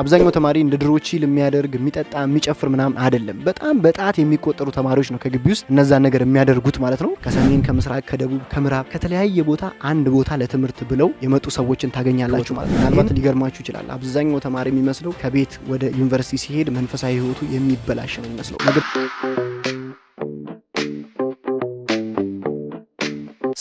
አብዛኛው ተማሪ እንደ ድሮ ቺል የሚያደርግ የሚጠጣ የሚጨፍር ምናምን አይደለም። በጣም በጣት የሚቆጠሩ ተማሪዎች ነው ከግቢ ውስጥ እነዛን ነገር የሚያደርጉት ማለት ነው። ከሰሜን ከምስራቅ ከደቡብ ከምዕራብ ከተለያየ ቦታ አንድ ቦታ ለትምህርት ብለው የመጡ ሰዎችን ታገኛላችሁ ማለት ነው። ምናልባት ሊገርማችሁ ይችላል። አብዛኛው ተማሪ የሚመስለው ከቤት ወደ ዩኒቨርሲቲ ሲሄድ መንፈሳዊ ህይወቱ የሚበላሽ ነው የሚመስለው።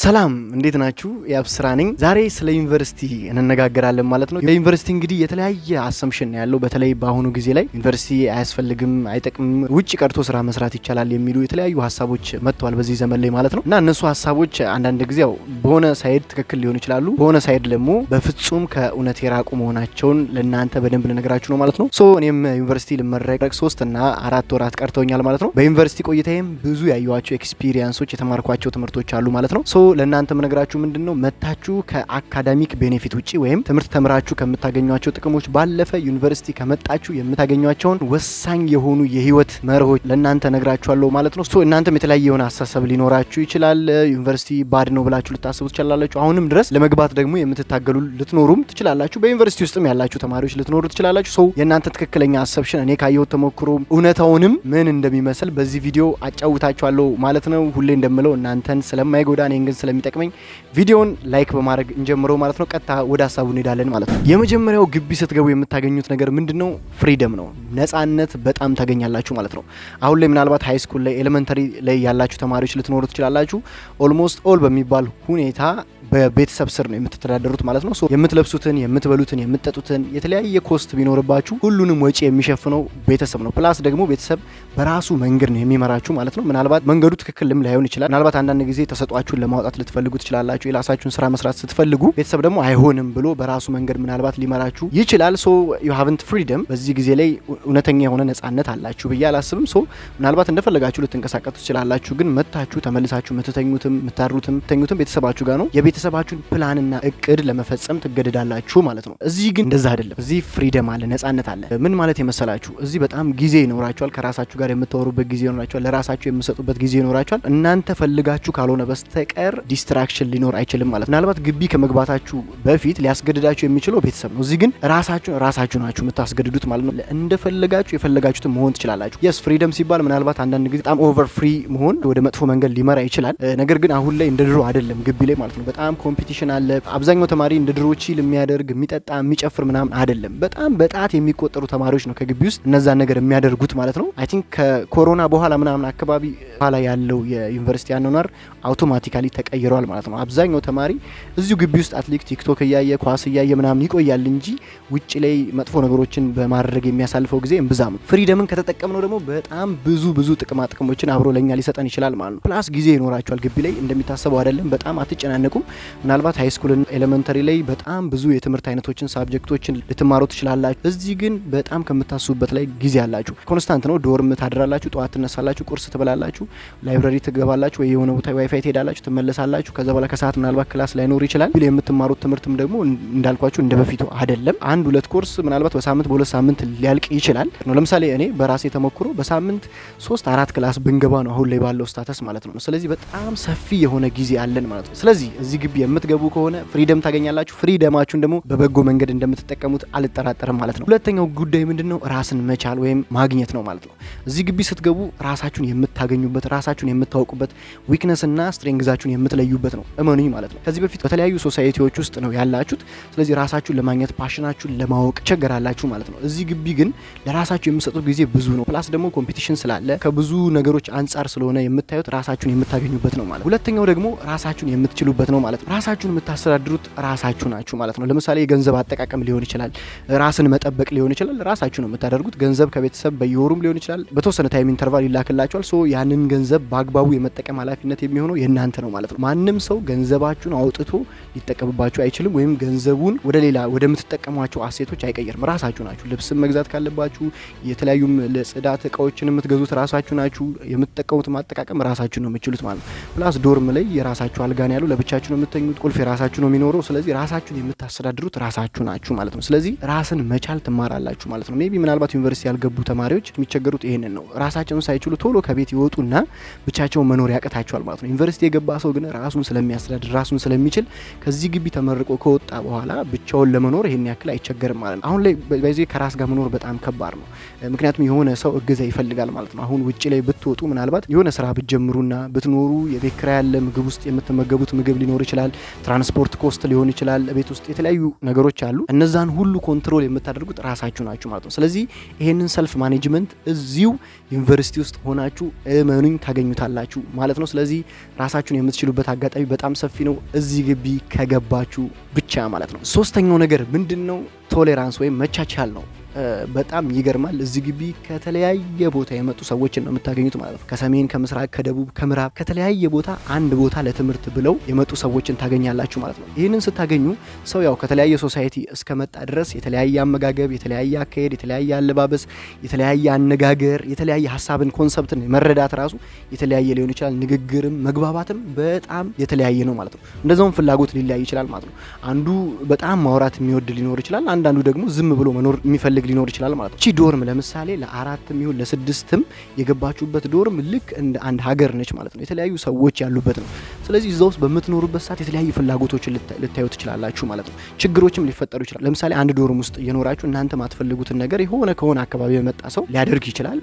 ሰላም እንዴት ናችሁ? የአብስራ ነኝ። ዛሬ ስለ ዩኒቨርሲቲ እንነጋገራለን ማለት ነው። በዩኒቨርሲቲ እንግዲህ የተለያየ አሰምሽን ያለው በተለይ በአሁኑ ጊዜ ላይ ዩኒቨርሲቲ አያስፈልግም፣ አይጠቅምም፣ ውጭ ቀርቶ ስራ መስራት ይቻላል የሚሉ የተለያዩ ሀሳቦች መጥተዋል በዚህ ዘመን ላይ ማለት ነው እና እነሱ ሀሳቦች አንዳንድ ጊዜ ያው በሆነ ሳይድ ትክክል ሊሆኑ ይችላሉ፣ በሆነ ሳይድ ደግሞ በፍጹም ከእውነት የራቁ መሆናቸውን ለእናንተ በደንብ ልነግራችሁ ነው ማለት ነው። ሶ እኔም ዩኒቨርሲቲ ልመረቅ ሶስትና አራት ወራት ቀርተውኛል ማለት ነው። በዩኒቨርሲቲ ቆይታዬም ብዙ ያየኋቸው ኤክስፒሪየንሶች የተማርኳቸው ትምህርቶች አሉ ማለት ነው። ለእናንተ ነግራችሁ ምንድን ነው መታችሁ ከአካዳሚክ ቤኔፊት ውጭ ወይም ትምህርት ተምራችሁ ከምታገኟቸው ጥቅሞች ባለፈ ዩኒቨርሲቲ ከመጣችሁ የምታገኟቸውን ወሳኝ የሆኑ የህይወት መርሆች ለእናንተ ነግራችኋለሁ ማለት ነው። እናንተም የተለያየ የሆነ አሳሰብ ሊኖራችሁ ይችላል። ዩኒቨርሲቲ ባድ ነው ብላችሁ ልታስቡ ትችላላችሁ። አሁንም ድረስ ለመግባት ደግሞ የምትታገሉ ልትኖሩም ትችላላችሁ። በዩኒቨርሲቲ ውስጥም ያላችሁ ተማሪዎች ልትኖሩ ትችላላችሁ። ሰው የእናንተ ትክክለኛ አሰብሽን እኔ ካየሁት ተሞክሮ እውነታውንም ምን እንደሚመስል በዚህ ቪዲዮ አጫውታችኋለሁ ማለት ነው። ሁሌ እንደምለው እናንተን ስለማይጎዳ እኔ ለሁላችን ስለሚጠቅመኝ ቪዲዮን ላይክ በማድረግ እንጀምረው ማለት ነው። ቀጥታ ወደ ሀሳቡ እንሄዳለን ማለት ነው። የመጀመሪያው ግቢ ስትገቡ የምታገኙት ነገር ምንድን ነው? ፍሪደም ነው፣ ነጻነት በጣም ታገኛላችሁ ማለት ነው። አሁን ላይ ምናልባት ሀይ ስኩል ላይ ኤሌመንተሪ ላይ ያላችሁ ተማሪዎች ልትኖሩ ትችላላችሁ። ኦልሞስት ኦል በሚባል ሁኔታ በቤተሰብ ስር ነው የምትተዳደሩት ማለት ነው። የምትለብሱትን፣ የምትበሉትን፣ የምትጠጡትን የተለያየ ኮስት ቢኖርባችሁ ሁሉንም ወጪ የሚሸፍነው ቤተሰብ ነው። ፕላስ ደግሞ ቤተሰብ በራሱ መንገድ ነው የሚመራችሁ ማለት ነው። ምናልባት መንገዱ ትክክልም ላይሆን ይችላል። ምናልባት አንዳንድ ጊዜ ተሰጧችሁን ለማውጣት ልትፈልጉ ትችላላችሁ። የራሳችሁን ስራ መስራት ስትፈልጉ ቤተሰብ ደግሞ አይሆንም ብሎ በራሱ መንገድ ምናልባት ሊመራችሁ ይችላል። ሶ ዩ ሀቭንት ፍሪደም በዚህ ጊዜ ላይ እውነተኛ የሆነ ነጻነት አላችሁ ብዬ አላስብም። ሶ ምናልባት እንደፈለጋችሁ ልትንቀሳቀሱ ትችላላችሁ። ግን መታችሁ ተመልሳችሁ የምትተኙትም የምታድሩትም ተኙትም ቤተሰባችሁ ጋር ነው። የቤተሰባችሁን ፕላንና እቅድ ለመፈጸም ትገደዳላችሁ ማለት ነው። እዚህ ግን እንደዛ አይደለም። እዚህ ፍሪደም አለ፣ ነጻነት አለ። ምን ማለት የመሰላችሁ እዚህ በጣም ጊዜ ይኖራችኋል። ከራሳችሁ ጋር የምታወሩበት ጊዜ ይኖራችኋል። ለራሳችሁ የምሰጡበት ጊዜ ይኖራችኋል። እናንተ ፈልጋችሁ ካልሆነ በስተቀር ዲስትራክሽን ሊኖር አይችልም ማለት ነው። ምናልባት ግቢ ከመግባታችሁ በፊት ሊያስገድዳችሁ የሚችለው ቤተሰብ ነው። እዚህ ግን ራሳችሁ ራሳችሁ ናችሁ የምታስገድዱት ማለት ነው። እንደፈለጋችሁ የፈለጋችሁትን መሆን ትችላላችሁ። የስ ፍሪደም ሲባል ምናልባት አንዳንድ ጊዜ በጣም ኦቨር ፍሪ መሆን ወደ መጥፎ መንገድ ሊመራ ይችላል። ነገር ግን አሁን ላይ እንደ ድሮ አይደለም ግቢ ላይ ማለት ነው። በጣም በጣም ኮምፒቲሽን አለ። አብዛኛው ተማሪ እንደ ድሮ ቺል የሚያደርግ የሚጠጣ የሚጨፍር ምናምን አይደለም። በጣም በጣት የሚቆጠሩ ተማሪዎች ነው ከግቢ ውስጥ እነዛን ነገር የሚያደርጉት ማለት ነው። አይ ቲንክ ከኮሮና በኋላ ምናምን አካባቢ በኋላ ያለው የዩኒቨርሲቲ አኗኗር አውቶማቲካሊ ተቀይሯል ማለት ነው። አብዛኛው ተማሪ እዚሁ ግቢ ውስጥ አትሊክ ቲክቶክ እያየ ኳስ እያየ ምናምን ይቆያል እንጂ ውጭ ላይ መጥፎ ነገሮችን በማድረግ የሚያሳልፈው ጊዜ እምብዛም ነው። ፍሪደምን ከተጠቀምነው ደግሞ በጣም ብዙ ብዙ ጥቅማ ጥቅሞችን አብሮ ለኛ ሊሰጠን ይችላል ማለት ነው። ፕላስ ጊዜ ይኖራቸዋል ግቢ ላይ እንደሚታሰበው አይደለም። በጣም አትጨናነቁም። ምናልባት ሃይስኩልና ኤሌመንተሪ ላይ በጣም ብዙ የትምህርት አይነቶችን ሳብጀክቶችን ልትማሩ ትችላላችሁ። እዚህ ግን በጣም ከምታስቡበት ላይ ጊዜ አላችሁ። ኮንስታንት ነው። ዶርም ታድራላችሁ፣ ጠዋት ትነሳላችሁ፣ ቁርስ ትበላላችሁ፣ ላይብረሪ ትገባላችሁ፣ ወይ የሆነ ቦታ ዋይፋይ ትሄዳላችሁ፣ ትመለሳላችሁ። ከዛ በኋላ ከሰዓት ምናልባት ክላስ ላይኖር ይችላል። የምትማሩት ትምህርትም ደግሞ እንዳልኳችሁ እንደ በፊቱ አይደለም። አንድ ሁለት ኮርስ ምናልባት በሳምንት በሁለት ሳምንት ሊያልቅ ይችላል ነው። ለምሳሌ እኔ በራሴ ተሞክሮ በሳምንት ሶስት አራት ክላስ ብንገባ ነው አሁን ላይ ባለው ስታተስ ማለት ነው። ስለዚህ በጣም ሰፊ የሆነ ጊዜ አለን ማለት ነው። ስለዚህ እዚህ ግቢ የምትገቡ ከሆነ ፍሪደም ታገኛላችሁ። ፍሪደማችሁን ደግሞ በበጎ መንገድ እንደምትጠቀሙት አልጠራጠርም ማለት ነው። ሁለተኛው ጉዳይ ምንድን ነው? ራስን መቻል ወይም ማግኘት ነው ማለት ነው። እዚህ ግቢ ስትገቡ ራሳችሁን የምታገኙበት፣ ራሳችሁን የምታውቁበት፣ ዊክነስና ስትሬንግዛችሁን የምትለዩበት ነው። እመኑኝ ማለት ነው። ከዚህ በፊት በተለያዩ ሶሳይቲዎች ውስጥ ነው ያላችሁት። ስለዚህ ራሳችሁን ለማግኘት ፓሽናችሁን ለማወቅ ቸገራላችሁ ማለት ነው። እዚህ ግቢ ግን ለራሳችሁ የምሰጡት ጊዜ ብዙ ነው። ፕላስ ደግሞ ኮምፒቲሽን ስላለ ከብዙ ነገሮች አንጻር ስለሆነ የምታዩት ራሳችሁን የምታገኙበት ነው ማለት። ሁለተኛው ደግሞ ራሳችሁን የምትችሉበት ነው ማለት ማለት ነው። ራሳችሁን የምታስተዳድሩት ራሳችሁ ናችሁ ማለት ነው። ለምሳሌ የገንዘብ አጠቃቀም ሊሆን ይችላል፣ ራስን መጠበቅ ሊሆን ይችላል። ራሳችሁ ነው የምታደርጉት። ገንዘብ ከቤተሰብ በየወሩም ሊሆን ይችላል፣ በተወሰነ ታይም ኢንተርቫል ይላክላችኋል። ሶ ያንን ገንዘብ በአግባቡ የመጠቀም ኃላፊነት የሚሆነው የእናንተ ነው ማለት ነው። ማንም ሰው ገንዘባችሁን አውጥቶ ሊጠቀምባችሁ አይችልም፣ ወይም ገንዘቡን ወደ ሌላ ወደምትጠቀሟቸው አሴቶች አይቀየርም። ራሳችሁ ናችሁ። ልብስም መግዛት ካለባችሁ የተለያዩ ለጽዳት እቃዎችን የምትገዙት ራሳችሁ ናችሁ። የምትጠቀሙት ማጠቃቀም ራሳችሁ ነው የምችሉት ማለት ነው። ፕላስ ዶርም ላይ የራሳችሁ አልጋን ያሉ ለብቻችሁ ነው የምተኙት፣ ቁልፍ የራሳችሁ ነው የሚኖረው። ስለዚህ ራሳችሁን የምታስተዳድሩት ራሳችሁ ናችሁ ማለት ነው። ስለዚህ ራስን መቻል ትማራላችሁ ማለት ነው። ሜቢ ምናልባት ዩኒቨርሲቲ ያልገቡ ተማሪዎች የሚቸገሩት ይህንን ነው። ራሳቸውን ሳይችሉ ቶሎ ከቤት ይወጡና ብቻቸውን መኖር ያቅታቸዋል ማለት ነው። ዩኒቨርሲቲ የገባ ሰው ግን ራሱን ስለሚያስተዳድር ራሱን ስለሚችል ከዚህ ግቢ ተመርቆ ከወጣ በኋላ ብቻውን ለመኖር ይህን ያክል አይቸገርም ማለት ነው። አሁን ላይ በዚህ ከራስ ጋር መኖር በጣም ከባድ ነው። ምክንያቱም የሆነ ሰው እገዛ ይፈልጋል ማለት ነው። አሁን ውጭ ላይ ብትወጡ ምናልባት የሆነ ስራ ብትጀምሩና ብትኖሩ የቤት ኪራይ ያለ ምግብ ውስጥ የምትመገቡት ምግብ ሊኖር ይችላል ይችላል፣ ትራንስፖርት ኮስት ሊሆን ይችላል፣ ቤት ውስጥ የተለያዩ ነገሮች አሉ። እነዛን ሁሉ ኮንትሮል የምታደርጉት ራሳችሁ ናችሁ ማለት ነው። ስለዚህ ይሄንን ሰልፍ ማኔጅመንት እዚሁ ዩኒቨርሲቲ ውስጥ ሆናችሁ እመኑኝ ታገኙታላችሁ ማለት ነው። ስለዚህ ራሳችሁን የምትችሉበት አጋጣሚ በጣም ሰፊ ነው፣ እዚህ ግቢ ከገባችሁ ብቻ ማለት ነው። ሶስተኛው ነገር ምንድን ነው? ቶሌራንስ ወይም መቻቻል ነው። በጣም ይገርማል። እዚህ ግቢ ከተለያየ ቦታ የመጡ ሰዎች ነው የምታገኙት ማለት ነው። ከሰሜን፣ ከምስራቅ፣ ከደቡብ፣ ከምዕራብ ከተለያየ ቦታ አንድ ቦታ ለትምህርት ብለው የመጡ ሰዎችን ታገኛላችሁ ማለት ነው። ይህንን ስታገኙ ሰው ያው ከተለያየ ሶሳይቲ እስከመጣ ድረስ የተለያየ አመጋገብ፣ የተለያየ አካሄድ፣ የተለያየ አለባበስ፣ የተለያየ አነጋገር፣ የተለያየ ሀሳብን ኮንሰፕትን መረዳት ራሱ የተለያየ ሊሆን ይችላል። ንግግርም መግባባትም በጣም የተለያየ ነው ማለት ነው። እንደዛውም ፍላጎት ሊለያይ ይችላል ማለት ነው። አንዱ በጣም ማውራት የሚወድ ሊኖር ይችላል። አንዳንዱ ደግሞ ዝም ብሎ መኖር የሚፈልግ ማድረግ ሊኖር ይችላል ማለት ነው። እቺ ዶርም ለምሳሌ ለአራትም ይሁን ለስድስትም የገባችሁበት ዶርም ልክ እንደ አንድ ሀገር ነች ማለት ነው። የተለያዩ ሰዎች ያሉበት ነው። ስለዚህ እዛ ውስጥ በምትኖሩበት ሰዓት የተለያዩ ፍላጎቶችን ልታዩ ትችላላችሁ ማለት ነው። ችግሮችም ሊፈጠሩ ይችላል። ለምሳሌ አንድ ዶርም ውስጥ እየኖራችሁ እናንተ ማትፈልጉትን ነገር የሆነ ከሆነ አካባቢ የመጣ ሰው ሊያደርግ ይችላል።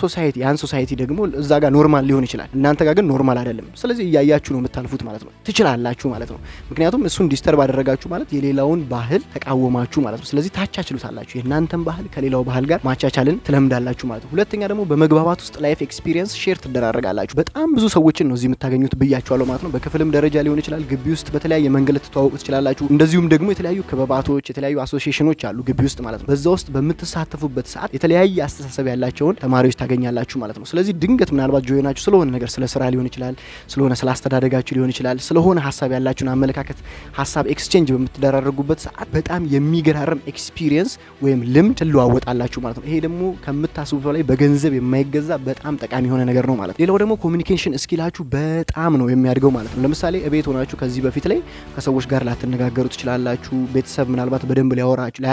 ሶሳይቲ ያን ሶሳይቲ ደግሞ እዛ ጋር ኖርማል ሊሆን ይችላል፣ እናንተ ጋር ግን ኖርማል አይደለም። ስለዚህ እያያችሁ ነው የምታልፉት ማለት ነው። ትችላላችሁ ማለት ነው። ምክንያቱም እሱን ዲስተርብ አደረጋችሁ ማለት የሌላውን ባህል ተቃወማችሁ ማለት ነው። ስለዚህ ታቻችሉታላችሁ። የእናንተን ባህል ከሌላው ባህል ጋር ማቻቻልን ትለምዳላችሁ ማለት ነው። ሁለተኛ ደግሞ በመግባባት ውስጥ ላይፍ ኤክስፒሪየንስ ሼር ትደራረጋላችሁ። በጣም ብዙ ሰዎችን ነው እዚህ የምታገኙት ብያችኋለሁ። ማለት ነው። በክፍልም ደረጃ ሊሆን ይችላል። ግቢ ውስጥ በተለያየ መንገድ ልትተዋወቁ ትችላላችሁ። እንደዚሁም ደግሞ የተለያዩ ክበባቶች፣ የተለያዩ አሶሲሽኖች አሉ ግቢ ውስጥ ማለት ነው። በዛ ውስጥ በምትሳተፉበት ሰዓት የተለያየ አስተሳሰብ ያላቸውን ተማሪዎች ታገኛላችሁ ማለት ነው። ስለዚህ ድንገት ምናልባት ጆይናችሁ ስለሆነ ነገር ስለ ስራ ሊሆን ይችላል፣ ስለሆነ ስለ አስተዳደጋችሁ ሊሆን ይችላል፣ ስለሆነ ሀሳብ ያላችሁን አመለካከት ሀሳብ ኤክስቼንጅ በምትደራረጉበት ሰዓት በጣም የሚገራርም ኤክስፒሪየንስ ወይም ልምድ ትለዋወጣላችሁ ማለት ነው። ይሄ ደግሞ ከምታስቡት በላይ በገንዘብ የማይገዛ በጣም ጠቃሚ የሆነ ነገር ነው ማለት ነው። ሌላው ደግሞ ኮሚኒኬሽን እስኪላችሁ በጣም ነው የሚያድገው የሚያደርገው ማለት ነው። ለምሳሌ እቤት ሆናችሁ ከዚህ በፊት ላይ ከሰዎች ጋር ላትነጋገሩ ትችላላችሁ። ቤተሰብ ምናልባት በደንብ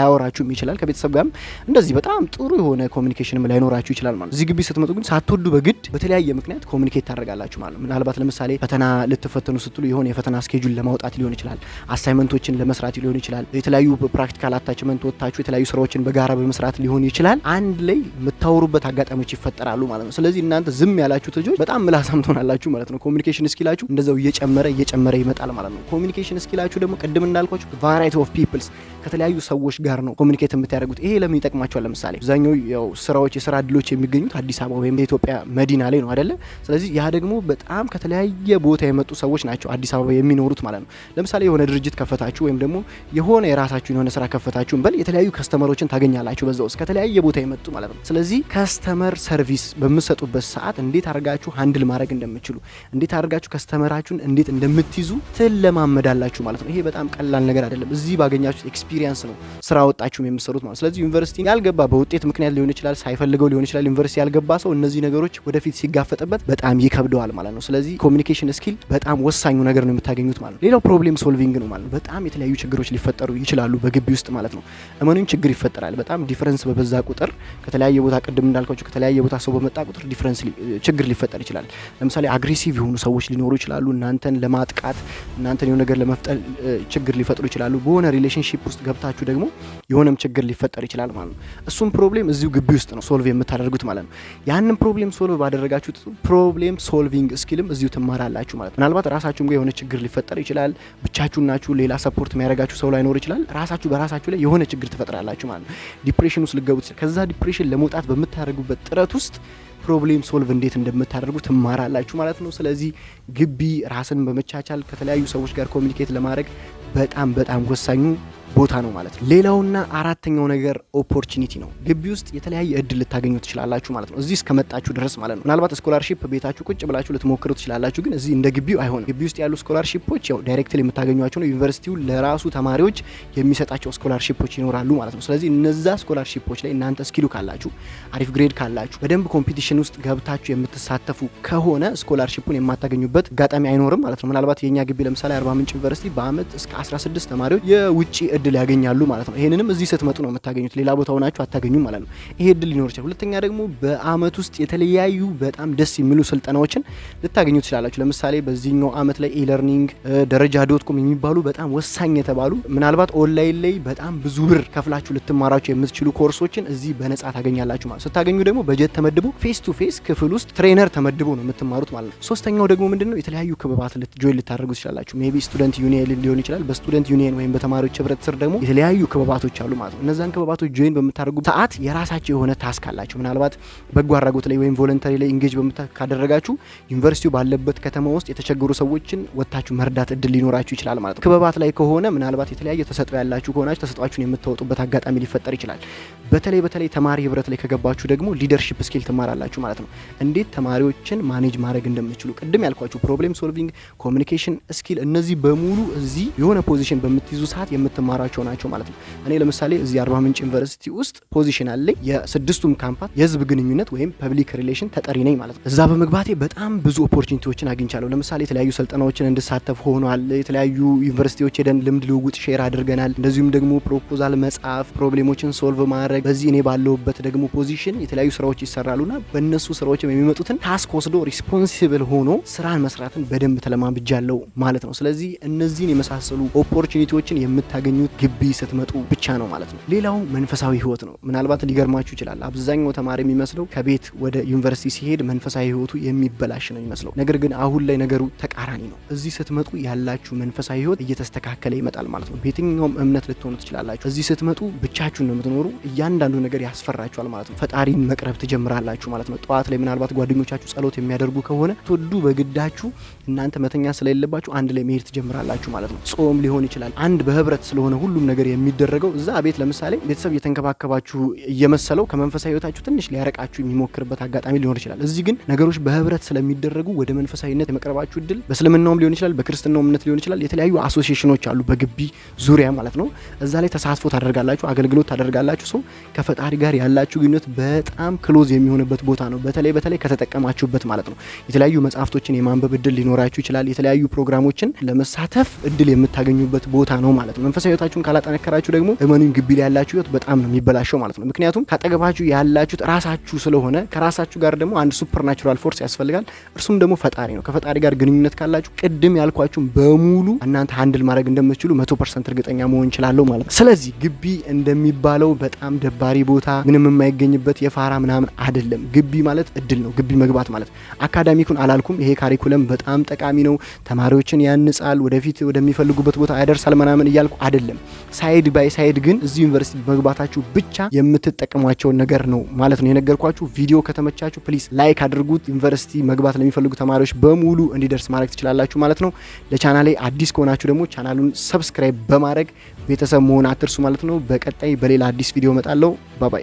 ላያወራችሁም ይችላል። ከቤተሰብ ጋርም እንደዚህ በጣም ጥሩ የሆነ ኮሚኒኬሽንም ላይኖራችሁ ይችላል ማለት ነው። እዚህ ግቢ ስትመጡ ግን ሳትወዱ በግድ በተለያየ ምክንያት ኮሚኒኬት ታደርጋላችሁ ማለት ነው። ምናልባት ለምሳሌ ፈተና ልትፈተኑ ስትሉ የሆነ የፈተና ስኬጁል ለማውጣት ሊሆን ይችላል። አሳይመንቶችን ለመስራት ሊሆን ይችላል። የተለያዩ ፕራክቲካል አታችመንት ወጥታችሁ የተለያዩ ስራዎችን በጋራ በመስራት ሊሆን ይችላል። አንድ ላይ የምታወሩበት አጋጣሚዎች ይፈጠራሉ ማለት ነው። ስለዚህ እናንተ ዝም ያላችሁት ልጆች በጣም ምላሳም ትሆናላችሁ ማለት ነው። ኮሚኒኬሽን ስኪላችሁ እንደዛው እየጨመረ እየጨመረ ይመጣል ማለት ነው። ኮሚኒኬሽን ስኪላችሁ ደግሞ ቅድም እንዳልኳችሁ ቫራይቲ ኦፍ ፒፕልስ ከተለያዩ ሰዎች ጋር ነው ኮሚኒኬት የምታደርጉት። ይሄ ለምን ይጠቅማቸዋል? ለምሳሌ አብዛኛው ያው ስራዎች፣ የስራ እድሎች የሚገኙት አዲስ አበባ ወይም የኢትዮጵያ መዲና ላይ ነው አይደለ? ስለዚህ ያ ደግሞ በጣም ከተለያየ ቦታ የመጡ ሰዎች ናቸው አዲስ አበባ የሚኖሩት ማለት ነው። ለምሳሌ የሆነ ድርጅት ከፈታችሁ ወይም ደግሞ የሆነ የራሳችሁን የሆነ ስራ ከፈታችሁ በል የተለያዩ ከስተመሮችን ታገኛላችሁ በዛ ውስጥ ከተለያየ ቦታ የመጡ ማለት ነው። ስለዚህ ከስተመር ሰርቪስ በምሰጡበት ሰዓት እንዴት አድርጋችሁ ሀንድል ማድረግ እንደምችሉ እንዴት አድርጋችሁ ከስተመር መስመራችሁን እንዴት እንደምትይዙ ትለማመዳላችሁ ማለት ነው። ይሄ በጣም ቀላል ነገር አይደለም። እዚህ ባገኛችሁት ኤክስፒሪየንስ ነው ስራ ወጣችሁም የምሰሩት ማለት። ስለዚህ ዩኒቨርሲቲ ያልገባ በውጤት ምክንያት ሊሆን ይችላል፣ ሳይፈልገው ሊሆን ይችላል። ዩኒቨርሲቲ ያልገባ ሰው እነዚህ ነገሮች ወደፊት ሲጋፈጥበት በጣም ይከብደዋል ማለት ነው። ስለዚህ ኮሚኒኬሽን ስኪል በጣም ወሳኙ ነገር ነው የምታገኙት ማለት ነው። ሌላው ፕሮብሌም ሶልቪንግ ነው ማለት ነው። በጣም የተለያዩ ችግሮች ሊፈጠሩ ይችላሉ በግቢ ውስጥ ማለት ነው። እመኑኝ ችግር ይፈጠራል። በጣም ዲፍረንስ በበዛ ቁጥር ከተለያየ ቦታ ቅድም እንዳልኳቸው ከተለያየ ቦታ ሰው በመጣ ቁጥር ዲፈረንስ ችግር ሊፈጠር ይችላል። ለምሳሌ አግሬሲቭ የሆኑ ሰዎች ሊኖሩ ይችላሉ። ይችላሉ። እናንተን ለማጥቃት እናንተን የሆነ ነገር ለመፍጠር ችግር ሊፈጥሩ ይችላሉ። በሆነ ሪሌሽንሽፕ ውስጥ ገብታችሁ ደግሞ የሆነም ችግር ሊፈጠር ይችላል ማለት ነው። እሱም ፕሮብሌም እዚሁ ግቢ ውስጥ ነው ሶልቭ የምታደርጉት ማለት ነው። ያንን ፕሮብሌም ሶልቭ ባደረጋችሁት ፕሮብሌም ሶልቪንግ ስኪልም እዚሁ ትማራላችሁ ማለት ነው። ምናልባት ራሳችሁም ጋር የሆነ ችግር ሊፈጠር ይችላል። ብቻችሁ ናችሁ፣ ሌላ ሰፖርት የሚያደርጋችሁ ሰው ላይኖር ይችላል። ራሳችሁ በራሳችሁ ላይ የሆነ ችግር ትፈጥራላችሁ ማለት ነው። ዲፕሬሽን ውስጥ ልገቡት ከዛ ዲፕሬሽን ለመውጣት በምታደርጉበት ጥረት ውስጥ ፕሮብሌም ሶልቭ እንዴት እንደምታደርጉ ትማራላችሁ ማለት ነው። ስለዚህ ግቢ ራስን በመቻቻል ከተለያዩ ሰዎች ጋር ኮሚኒኬት ለማድረግ በጣም በጣም ወሳኙ ቦታ ነው ማለት ነው። ሌላውና አራተኛው ነገር ኦፖርቹኒቲ ነው። ግቢ ውስጥ የተለያየ እድል ልታገኙ ትችላላችሁ ማለት ነው። እዚህ እስከመጣችሁ ድረስ ማለት ነው። ምናልባት ስኮላርሺፕ ቤታችሁ ቁጭ ብላችሁ ልትሞክሩ ትችላላችሁ፣ ግን እዚህ እንደ ግቢው አይሆንም። ግቢ ውስጥ ያሉ ስኮላርሺፖች ያው ዳይሬክት የምታገኟቸው ነው። ዩኒቨርሲቲው ለራሱ ተማሪዎች የሚሰጣቸው ስኮላርሺፖች ይኖራሉ ማለት ነው። ስለዚህ እነዛ ስኮላርሺፖች ላይ እናንተ ስኪሉ ካላችሁ፣ አሪፍ ግሬድ ካላችሁ፣ በደንብ ኮምፒቲሽን ውስጥ ገብታችሁ የምትሳተፉ ከሆነ ስኮላርሺፑን የማታገኙበት አጋጣሚ አይኖርም ማለት ነው። ምናልባት የእኛ ግቢ ለምሳሌ አርባ ምንጭ ዩኒቨርሲቲ በአመት እስከ 16 ተማሪዎች የውጭ እድል ያገኛሉ ማለት ነው። ይሄንንም እዚህ ስትመጡ ነው የምታገኙት፣ ሌላ ቦታ ሆናችሁ አታገኙም ማለት ነው። ይሄ እድል ሊኖር ይችላል። ሁለተኛ ደግሞ በአመት ውስጥ የተለያዩ በጣም ደስ የሚሉ ስልጠናዎችን ልታገኙ ትችላላችሁ። ለምሳሌ በዚህኛው አመት ላይ ኢለርኒንግ ደረጃ ዶት ኮም የሚባሉ በጣም ወሳኝ የተባሉ ምናልባት ኦንላይን ላይ በጣም ብዙ ብር ከፍላችሁ ልትማራቸው የምትችሉ ኮርሶችን እዚህ በነጻ ታገኛላችሁ ማለት ስታገኙ ደግሞ በጀት ተመድቦ ፌስ ቱ ፌስ ክፍል ውስጥ ትሬነር ተመድቦ ነው የምትማሩት ማለት ነው። ሶስተኛው ደግሞ ነው የተለያዩ ክበባት ጆይን ልታደርጉ ትችላላችሁ። ቢ ስቱደንት ዩኒየን ሊሆን ይችላል። በስቱደንት ዩኒየን ወይም በተማሪዎች ህብረት ስር ደግሞ የተለያዩ ክበባቶች አሉ ማለት ነው። እነዛን ክበባቶች ጆይን በምታደርጉ ሰዓት የራሳቸው የሆነ ታስክ አላቸው። ምናልባት በጎ አድራጎት ላይ ወይም ቮለንተሪ ላይ ኢንጌጅ ካደረጋችሁ ዩኒቨርሲቲው ባለበት ከተማ ውስጥ የተቸገሩ ሰዎችን ወጥታችሁ መርዳት እድል ሊኖራችሁ ይችላል ማለት ነው። ክበባት ላይ ከሆነ ምናልባት የተለያየ ተሰጥኦ ያላችሁ ከሆናችሁ ተሰጧችሁን የምታወጡበት አጋጣሚ ሊፈጠር ይችላል። በተለይ በተለይ ተማሪ ህብረት ላይ ከገባችሁ ደግሞ ሊደርሺፕ ስኪል ትማራላችሁ ማለት ነው። እንዴት ተማሪዎችን ማኔጅ ማድረግ እንደምችሉ ቅድም ያልኳችሁ ፕሮብሌም ሶልቪንግ፣ ኮሚኒኬሽን ስኪል እነዚህ በሙሉ እዚህ የሆነ ፖዚሽን በምትይዙ ሰዓት የምትማራ የምንማራቸው ናቸው ማለት ነው። እኔ ለምሳሌ እዚህ አርባ ምንጭ ዩኒቨርሲቲ ውስጥ ፖዚሽን አለኝ። የስድስቱም ካምፓስ የህዝብ ግንኙነት ወይም ፐብሊክ ሪሌሽን ተጠሪ ነኝ ማለት ነው። እዛ በመግባቴ በጣም ብዙ ኦፖርቹኒቲዎችን አግኝቻለሁ። ለምሳሌ የተለያዩ ስልጠናዎችን እንድሳተፍ ሆኗል። የተለያዩ ዩኒቨርሲቲዎች ሄደን ልምድ ልውውጥ ሼር አድርገናል። እንደዚሁም ደግሞ ፕሮፖዛል መጻፍ፣ ፕሮብሌሞችን ሶልቭ ማድረግ። በዚህ እኔ ባለውበት ደግሞ ፖዚሽን የተለያዩ ስራዎች ይሰራሉና በእነሱ ስራዎች የሚመጡትን ታስክ ወስዶ ሪስፖንሲብል ሆኖ ስራን መስራትን በደንብ ተለማምጃለሁ ማለት ነው። ስለዚህ እነዚህን የመሳሰሉ ኦፖርቹኒቲዎችን የምታገኙት ግቢ ስትመጡ ብቻ ነው ማለት ነው። ሌላው መንፈሳዊ ህይወት ነው። ምናልባት ሊገርማችሁ ይችላል። አብዛኛው ተማሪ የሚመስለው ከቤት ወደ ዩኒቨርሲቲ ሲሄድ መንፈሳዊ ህይወቱ የሚበላሽ ነው የሚመስለው። ነገር ግን አሁን ላይ ነገሩ ተቃራኒ ነው። እዚህ ስትመጡ ያላችሁ መንፈሳዊ ህይወት እየተስተካከለ ይመጣል ማለት ነው። በየትኛውም እምነት ልትሆኑ ትችላላችሁ። እዚህ ስትመጡ ብቻችሁን ነው የምትኖሩ። እያንዳንዱ ነገር ያስፈራችኋል ማለት ነው። ፈጣሪን መቅረብ ትጀምራላችሁ ማለት ነው። ጠዋት ላይ ምናልባት ጓደኞቻችሁ ጸሎት የሚያደርጉ ከሆነ ትወዱ በግዳችሁ እናንተ መተኛ ስለሌለባችሁ አንድ ላይ መሄድ ትጀምራላችሁ ማለት ነው። ጾም ሊሆን ይችላል። አንድ በህብረት ስለሆነ ሁሉም ነገር የሚደረገው እዛ ቤት ለምሳሌ ቤተሰብ እየተንከባከባችሁ እየመሰለው ከመንፈሳዊ ህይወታችሁ ትንሽ ሊያረቃችሁ የሚሞክርበት አጋጣሚ ሊኖር ይችላል። እዚህ ግን ነገሮች በህብረት ስለሚደረጉ ወደ መንፈሳዊነት የመቅረባችሁ እድል በእስልምናውም ሊሆን ይችላል፣ በክርስትናው እምነት ሊሆን ይችላል። የተለያዩ አሶሲሽኖች አሉ በግቢ ዙሪያ ማለት ነው። እዛ ላይ ተሳትፎ ታደርጋላችሁ፣ አገልግሎት ታደርጋላችሁ። ሰው ከፈጣሪ ጋር ያላችሁ ግንኙነት በጣም ክሎዝ የሚሆንበት ቦታ ነው። በተለይ በተለይ ከተጠቀማችሁበት ማለት ነው። የተለያዩ መጽሐፍቶችን የማንበብ እድል ሊኖራችሁ ይችላል። የተለያዩ ፕሮግራሞችን ለመሳተፍ እድል የምታገኙበት ቦታ ነው ማለት ነው። መንፈሳዊ ራሳችሁን ካላጠነከራችሁ ደግሞ እመኑኝ ግቢ ላይ ያላችሁ ህይወት በጣም ነው የሚበላሸው ማለት ነው። ምክንያቱም ካጠገባችሁ ያላችሁት ራሳችሁ ስለሆነ ከራሳችሁ ጋር ደግሞ አንድ ሱፐር ናቹራል ፎርስ ያስፈልጋል። እርሱም ደግሞ ፈጣሪ ነው። ከፈጣሪ ጋር ግንኙነት ካላችሁ ቅድም ያልኳችሁን በሙሉ እናንተ ሃንድል ማድረግ እንደምትችሉ መቶ ፐርሰንት እርግጠኛ መሆን እችላለሁ ማለት ነው። ስለዚህ ግቢ እንደሚባለው በጣም ደባሪ ቦታ ምንም የማይገኝበት የፋራ ምናምን አይደለም። ግቢ ማለት እድል ነው። ግቢ መግባት ማለት አካዳሚኩን አላልኩም። ይሄ ካሪኩለም በጣም ጠቃሚ ነው፣ ተማሪዎችን ያንጻል፣ ወደፊት ወደሚፈልጉበት ቦታ ያደርሳል ምናምን እያልኩ አይደለም። አይደለም። ሳይድ ባይ ሳይድ ግን እዚህ ዩኒቨርሲቲ መግባታችሁ ብቻ የምትጠቀሟቸውን ነገር ነው ማለት ነው የነገርኳችሁ። ቪዲዮ ከተመቻችሁ ፕሊስ ላይክ አድርጉት። ዩኒቨርሲቲ መግባት ለሚፈልጉ ተማሪዎች በሙሉ እንዲደርስ ማድረግ ትችላላችሁ ማለት ነው። ለቻናሌ አዲስ ከሆናችሁ ደግሞ ቻናሉን ሰብስክራይብ በማድረግ ቤተሰብ መሆን አትርሱ ማለት ነው። በቀጣይ በሌላ አዲስ ቪዲዮ እመጣለሁ። ባባይ